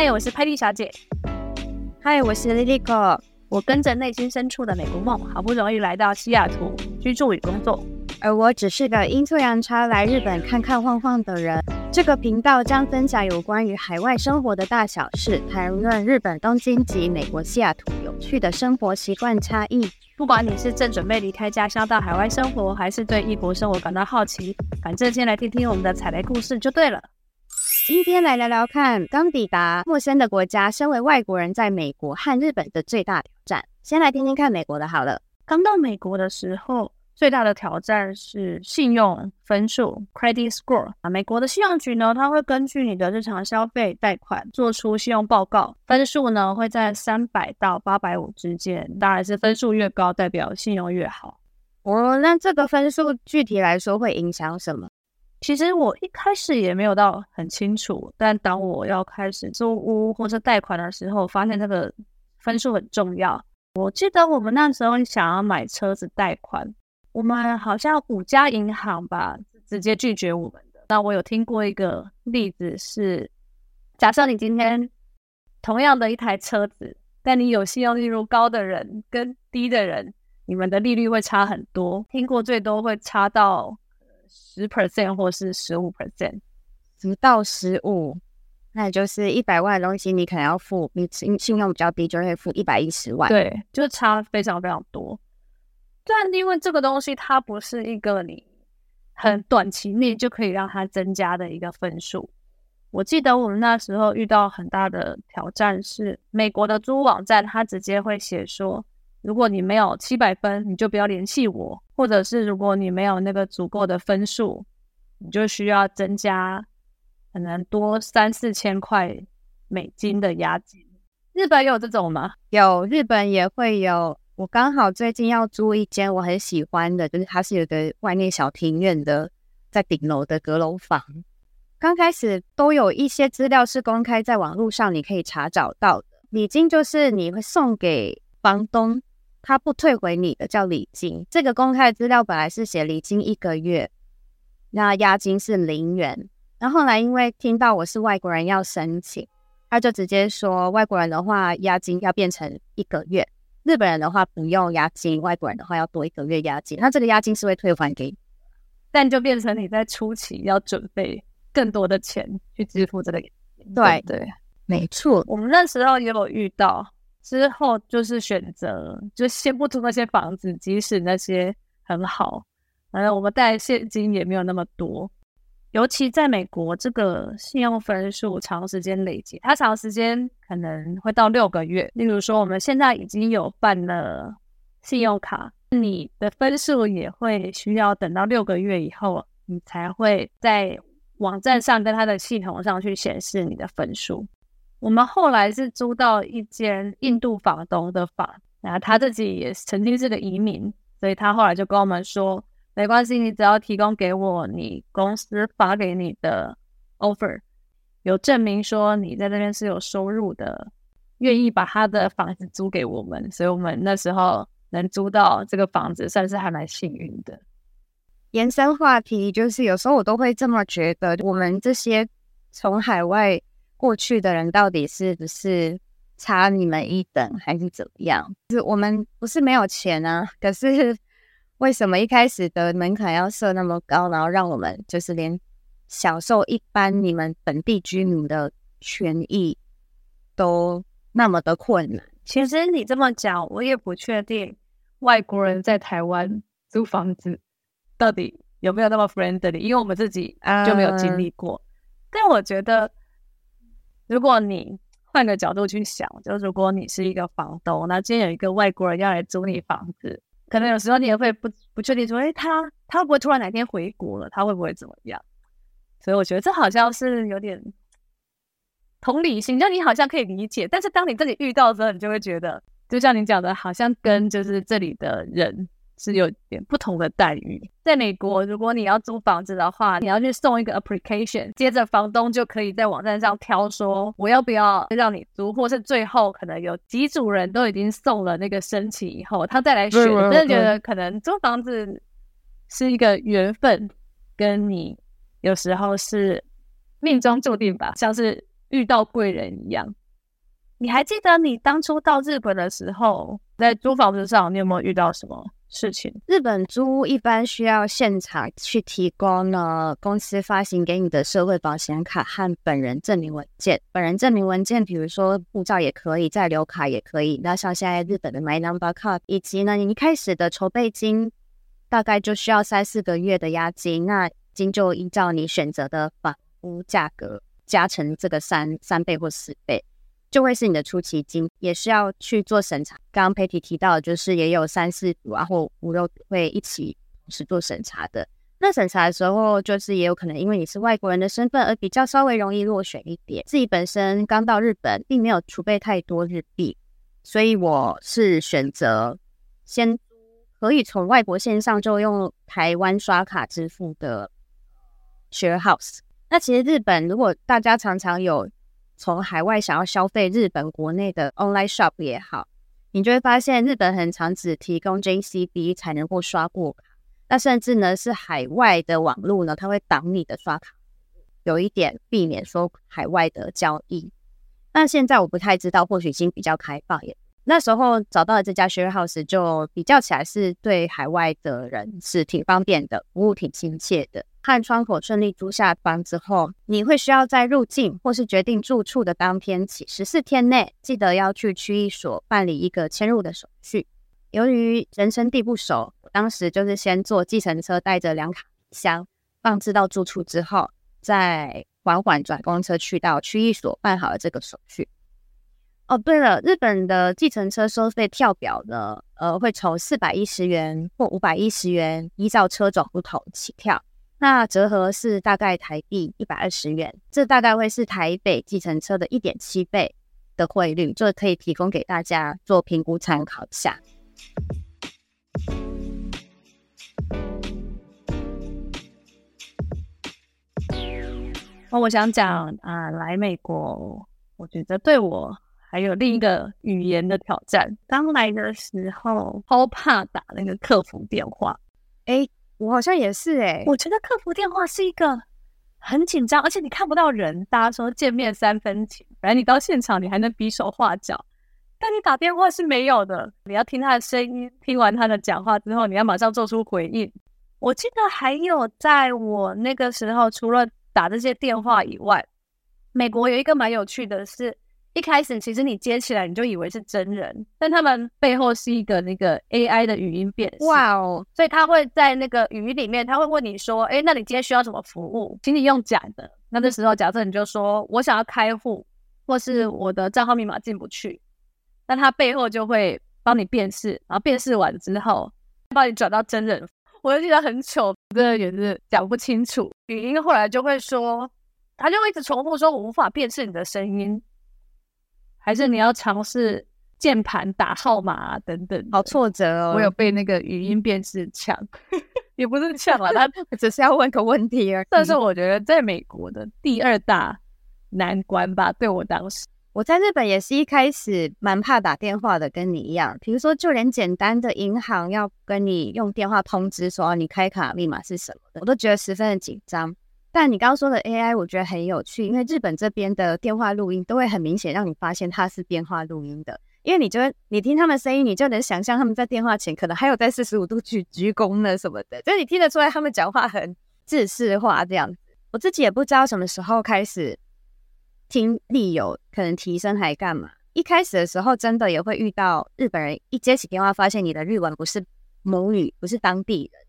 嗨，我是佩蒂小姐。嗨，我是莉莉可。我跟着內心深處的美國夢，好不容易來到西雅圖居住與工作。而我只是個陰錯陽差來日本看看晃晃的人。這個頻道將分享有關於海外生活的大小事，談論日本東京及美國西雅圖有趣的生活習慣差異。不管你是正準備離開家鄉到海外生活，還是對異國生活感到好奇，反正先來聽聽我們的踩雷故事就對了。今天來聊聊看，剛抵達陌生的國家，身為外國人在美國和日本的最大挑戰。先來聽聽看美國的好了。剛到美國的時候，最大的挑戰是信用分數 （credit score）。啊，美國的信用局呢，它會根據你的日常消費貸款做出信用報告，分數呢會在三百到八百五之間。當然是分數越高，代表信用越好。哦、oh，那這個分數具體來說會影響什麼？其實我一開始也沒有到很清楚，但當我要開始租屋或者是貸款的時候，發現這個分數很重要。我記得我們那時候想要買車子貸款，我們好像有五家銀行吧，直接拒絕我們的。那我有聽過一個例子是，假設你今天同樣的一台車子，但你有信用利率高的人跟低的人，你們的利率會差很多。聽過最多會差到。十 percent 或是十五 percent，不到十五，那也就是一百萬的東西，你可能要付你信信用比較低，就會付一百一十萬，對，就差非常非常多。但因為這個東西，它不是一個你很短期內就可以讓它增加的一個分數。我記得我們那時候遇到很大的挑戰是，美國的租屋網站它直接會寫說。如果你沒有七百分，你就不要聯繫我；或者是如果你沒有那個足夠的分數，你就需要增加可能多三四千塊美金的押金。日本有這種嗎？有，日本也會有。我剛好最近要租一間我很喜歡的，就是它是有個外面小庭院的，在頂樓的閣樓房。剛開始都有一些資料是公開在網絡上，你可以查找到的。禮金就是你會送給房東。他不退回你的叫禮金。這個公開資料本來是寫禮金一個月，那押金是零元。然後後來因為聽到我是外國人要申請，他就直接說外國人的話押金要變成一個月，日本人的話不用押金，外國人的話要多一個月押金。那這個押金是會退還給你，但就變成你在初期要準備更多的錢去支付這個。對對，對，沒錯。我們那時候也有遇到。之後就是選擇，就先不租那些房子，即使那些很好，反正我們帶現金也沒有那麼多。尤其在美國，這個信用分數長時間累積，它長時間可能會到六個月。例如說，我們現在已經有辦了信用卡，你的分數也會需要等到六個月以後，你才會在網站上跟它的系統上去顯示你的分數。我們後來是租到一間印度房東的房，然、啊、後他自己也曾經是個移民，所以他後來就跟我們說，沒關係，你只要提供給我你公司發給你的 offer，有證明說你在那邊是有收入的，願意把他的房子租給我們，所以我們那時候能租到這個房子算是還蠻幸運的。延伸話題就是，有時候我都會這麼覺得，我們這些從海外。過去的人到底是不是差你們一等還是怎樣？我們不是沒有錢啊，可是為什麼一開始的門檻要設那麼高，然後讓我們就是連享受一般你們本地居民的權益都那麼的困難？其實你這麼講，我也不確定外國人在台灣租房子到底有沒有那麼 friendly，因為我們自己就沒有經歷過。Uh, 但我覺得。如果你換個角度去想，就如果你是一個房東，那今天有一個外國人要來租你房子，可能有時候你也會不不確定說，說、欸、哎，他他會不會突然哪天回國了，他會不會怎麼樣？所以我覺得這好像是有點同理心，就你，你好像可以理解，但是當你自己遇到的時候，你就會覺得，就像你講的，好像跟就是這裡的人。是有點不同的待遇。在美國，如果你要租房子的話，你要去送一個 application，接着房東就可以在網站上挑，說我要不要讓你租，或是最後可能有幾組人都已經送了那個申請以後，他再來選。我真的覺得可能租房子是一個緣分，跟你有時候是命中注定吧，像是遇到貴人一樣。你還記得你當初到日本的時候，在租房子上，你有沒有遇到什麼？事情，日本租屋一般需要現場去提供呢，公司發行給你的社會保險卡和本人證明文件。本人證明文件，比如說護照也可以，在留卡也可以。那像現在日本的 My Number Card，以及呢，你一開始的籌備金，大概就需要三四個月的押金。那金就依照你選擇的房屋價格，加成這個三三倍或四倍。就會是你的初期金，也需要去做審查。剛剛 Patty 提、提到，就是也有三四組啊，或五六組會一起同時做審查的。那審查的時候，就是也有可能因為你是外國人的身份，而比較稍微容易落選一點。自己本身剛到日本，並沒有儲備太多日幣，所以我是選擇先可以從外國線上就用台灣刷卡支付的 sharehouse。那其實日本如果大家常常有。從海外想要消費日本國內的 online shop 也好，你就會發現日本很常只提供 JCB 才能夠刷過卡，那甚至呢是海外的網絡呢，它會擋你的刷卡，有一點避免說海外的交易。那現在我不太知道，或許已經比較開放耶。那時候找到了這家 share house，就比較起來是對海外的人是挺方便的，服務挺親切的。看窗口，順利租下房之後，你會需要在入境或是決定住處的當天起十四天內，記得要去區役所辦理一個遷入的手續。由於人生地不熟，我當時就是先坐計程車帶着兩卡箱放置到住處之後，再緩緩轉公車去到區役所辦好了這個手續。哦，對了，日本的計程車收費跳表呢，呃，會從四百一十元或五百一十元依照車種不同起跳。那折合是大概台幣一百二十元，這大概會是台北計程車的一點七倍的匯率，就可以提供給大家做評估參考一下。那、哦、我想講啊、呃，來美國，我覺得對我還有另一個語言的挑戰。剛來的時候，好怕打那個客服電話，誒。我好像也是誒、欸，我覺得客服電話是一個很緊張，而且你看不到人。大家說見面三分情，反正你到現場你還能比手畫腳，但你打電話是沒有的。你要聽他的聲音，聽完他的講話之後，你要馬上做出回應。我記得還有在我那個時候，除了打這些電話以外，美國有一個蠻有趣的是。一開始其實你接起來你就以為是真人，但他們背後是一個那個 AI 的語音辨識。哇哦！所以他會在那個語音裡面，他會問你說：“誒、欸，那你今天需要什麼服務？”請你用假的。那這時候假設你就說、嗯：“我想要開戶，或是我的賬號密碼進不去。”那他背後就會幫你辨識，然後辨識完之後，幫你轉到真人。我就記得很糗，這也是講不清楚語音，後來就會說，他就會一直重複說：“我無法辨識你的聲音。”還是你要嘗試鍵盤打號碼、啊、等等，好挫折哦！我有被那個語音辨識搶， 也不是搶了，他只是要問個問題而已。但是我覺得在美國的第二大難關吧，對我當時，我在日本也是一開始蠻怕打電話的，跟你一樣。比如說，就連簡單的銀行要跟你用電話通知說你開卡密碼是什麼的，我都覺得十分的緊張。但你剛剛說的 AI，我覺得很有趣，因為日本這邊的電話錄音都會很明顯讓你發現它是電話錄音的，因為你就你聽他們聲音，你就能想象他們在電話前可能還有在四十五度去鞠躬呢什麼的，就是你聽得出來他們講話很制式化這樣子。我自己也不知道什麼時候開始聽力有可能提升還幹嘛，一開始的時候真的也會遇到日本人一接起電話發現你的日文不是母語，不是當地人，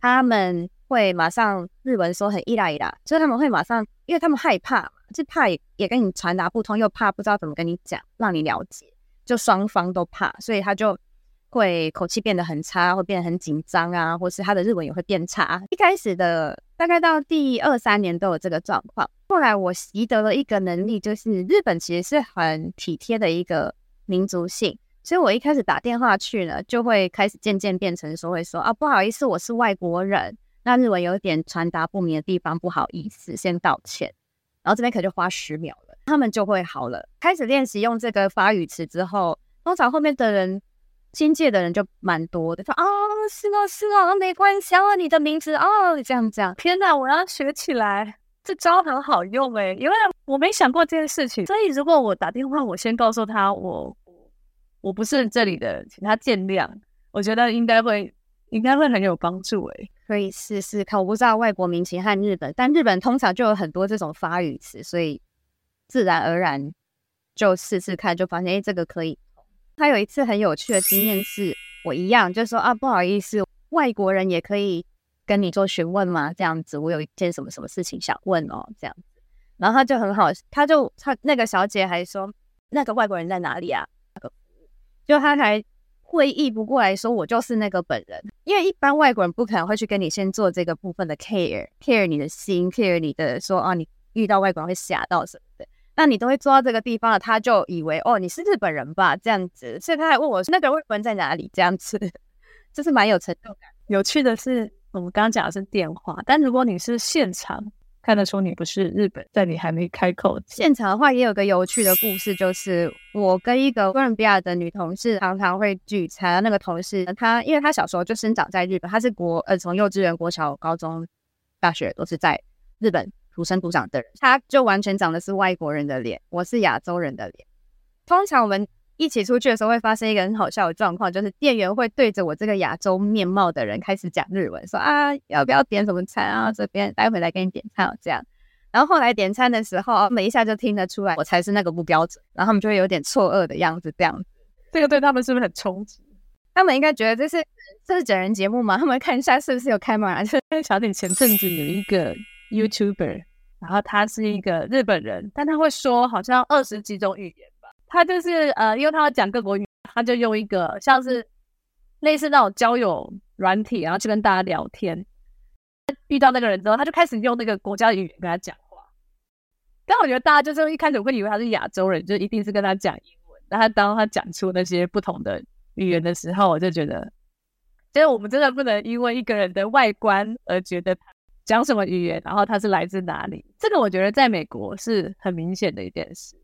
他們。會馬上日文說很依賴依賴，所以他們會馬上，因為他們害怕，就怕也跟你傳達不通，又怕不知道怎麼跟你講，讓你了解，就雙方都怕，所以他就會口氣變得很差，會變得很緊張啊，或是他的日文也會變差。一開始的大概到第二三年都有這個狀況，後來我習得了一個能力，就是日本其實是很體貼的一個民族性，所以我一開始打電話去呢，就會開始漸漸變成說會說，啊不好意思，我是外國人。那日文有一點傳達不明的地方，不好意思，先道歉。然後這邊可就花十秒了，他們就會好了。開始練習用這個發語詞之後，通常後面的人、親切的人就蠻多的，說、哦、啊，是哦、啊，是哦、啊，沒關係哦、啊、你的名字啊、哦，這樣這樣。天哪，我要學起來，這招很好用哎、欸！因為我沒想過這件事情，所以如果我打電話，我先告訴他我我不是這裡的，請他見諒，我覺得應該會應該會很有幫助哎、欸。可以試試看，我不知道外國民情、和日本，但日本通常就有很多這種發語詞，所以自然而然就試試看，就發現哎、欸，這個可以。他有一次很有趣的經驗是，我一樣就說啊，不好意思，外國人也可以跟你做詢問嗎？這樣子，我有一件什麼什麼事情想問哦，這樣子，然後他就很好，他就他那個小姐還說，那個外國人在哪裡啊？就他還。會議不過來說，我就是那個本人，因為一般外國人不可能會去跟你先做這個部分的 care，care care 你的心，care 你的說啊，你遇到外國人會嚇到什麼的，那你都會做到這個地方了，他就以為哦你是日本人吧，這樣子，所以他還問我是那個外國人在哪裡，這樣子，這是蠻有成就感的。有趣的是，我們剛剛講的是電話，但如果你是現場。看得出你不是日本，但你還沒開口。現場的話也有個有趣的故事，就是我跟一個哥倫比亞的女同事常常會聚餐。那個同事她，因為她小時候就生長在日本，她是國呃從幼稚園、國小、高中、大學都是在日本土生土長的人，她就完全長的是外國人的臉，我是亞洲人的臉。通常我們。一起出去的時候，會發生一個很好笑的狀況，就是店員會對着我這個亞洲面貌的人開始講日文，說啊，要不要點什麼餐啊？這邊待會來給你點餐哦，這樣。然後後來點餐的時候，每一下就聽得出來我才是那個不標準，然後他們就會有點錯愕的樣子，這樣。這個對，對，對他們是不是很衝擊？他們應該覺得這是這是整人節目嗎？他們看一下是不是有 camera 啊？就想起前陣子有一個 YouTuber，然後他是一個日本人，但他會說好像二十幾種語言。他就是呃，因為他要講各國語言，他就用一個像是類似那種交友軟體，然後去跟大家聊天。遇到那個人之後，他就開始用那個國家的語言跟他講話。但我覺得大家就是一開始我會以為他是亞洲人，就一定是跟他講英文。然後當他講出那些不同的語言的時候，我就覺得，就是我們真的不能因為一個人的外觀而覺得他講什麼語言，然後他是來自哪裡。這個我覺得在美國是很明顯的一件事。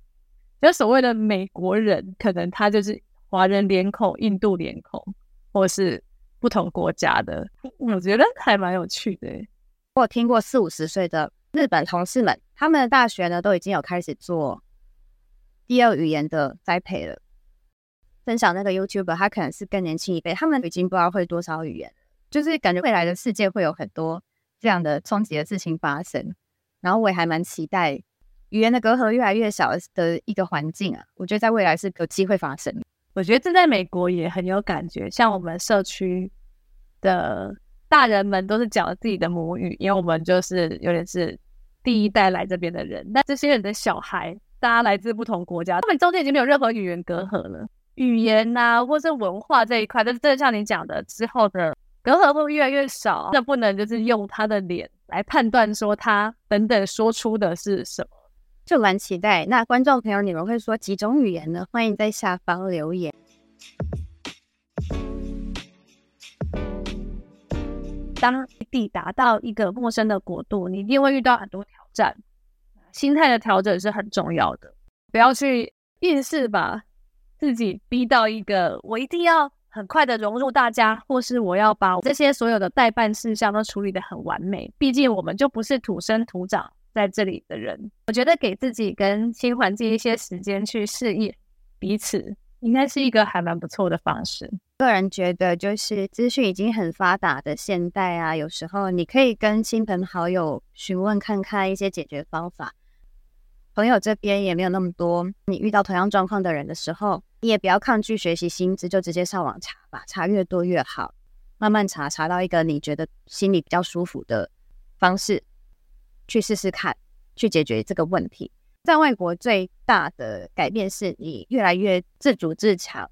就所謂的美國人，可能他就是華人臉孔、印度臉孔，或是不同國家的，我覺得還蠻有趣的欸。我聽過四五十歲的日本同事們，他們的大學呢都已經有開始做第二語言的栽培了。分享那個 YouTube，他可能是更年輕一輩，他們已經不知道會多少語言，就是感覺未來的世界會有很多這樣的衝擊的事情發生。然後我也還蠻期待。語言的隔閡越來越小的一個環境啊，我覺得在未來是有機會發生的。我覺得這在美國也很有感覺，像我們社區的大人們都是講自己的母語，因為我們就是有點是第一代來這邊的人。但這些人的小孩，大家來自不同國家，他們中間已經沒有任何語言隔閡了。語言吶、啊，或是文化這一塊，但是真的像你講的，之後的隔閡會越來越少。那不能就是用他的臉來判斷說他等等說出的是什麼。就蠻期待。那觀眾朋友，你們會說幾種語言呢？歡迎在下方留言。當你抵達到一個陌生的國度，你一定會遇到很多挑戰，心態的調整是很重要的。不要去硬是把自己逼到一個，我一定要很快的融入大家，或是我要把我這些所有的待辦事項都處理得很完美。畢竟我們就不是土生土長。在這裡的人，我覺得給自己跟新環境一些時間去適應彼此，應該是一個還蠻不錯的方式。個人覺得，就是資訊已經很發達的現代啊，有時候你可以跟親朋好友詢問看看一些解決方法。朋友這邊也沒有那麼多，你遇到同樣狀況的人的時候，你也不要抗拒學習新知，就直接上網查吧，查越多越好，慢慢查，查到一個你覺得心裡比較舒服的方式，去試試看，去解決這個問題。在外國最大的改變是你越來越自主自強，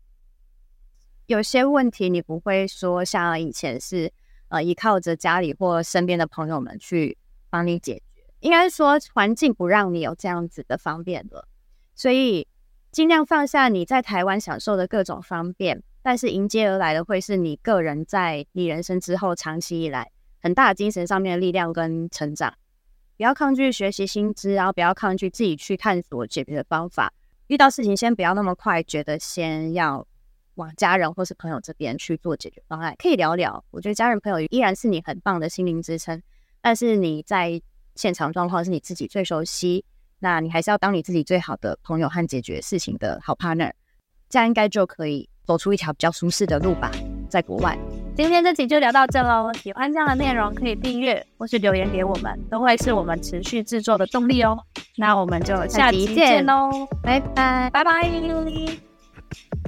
有些問題你不會說像以前是呃依靠着家裡或身邊的朋友們去幫你解決，應該說環境不讓你有這樣子的方便了。所以儘量放下你在台灣享受的各種方便，但是迎接而來的會是你個人在你人生之後長期以來很大的精神上面的力量跟成長。不要抗拒學習新知，然後不要抗拒自己去探索解決的方法。遇到事情先不要那麼快，覺得先要往家人或是朋友這邊去做解決方案，可以聊聊。我覺得家人朋友依然是你很棒的心靈支撐，但是你在現場狀況是你自己最熟悉，那你還是要當你自己最好的朋友和解決事情的好 partner，這樣應該就可以走出一條比較舒適的路吧。在國外。今天這集就聊到這嘍，喜歡這樣的內容可以訂閱或是留言給我們，都會是我們持續製作的動力哦、喔。那我們就下期見嘍，拜拜，拜拜。拜拜。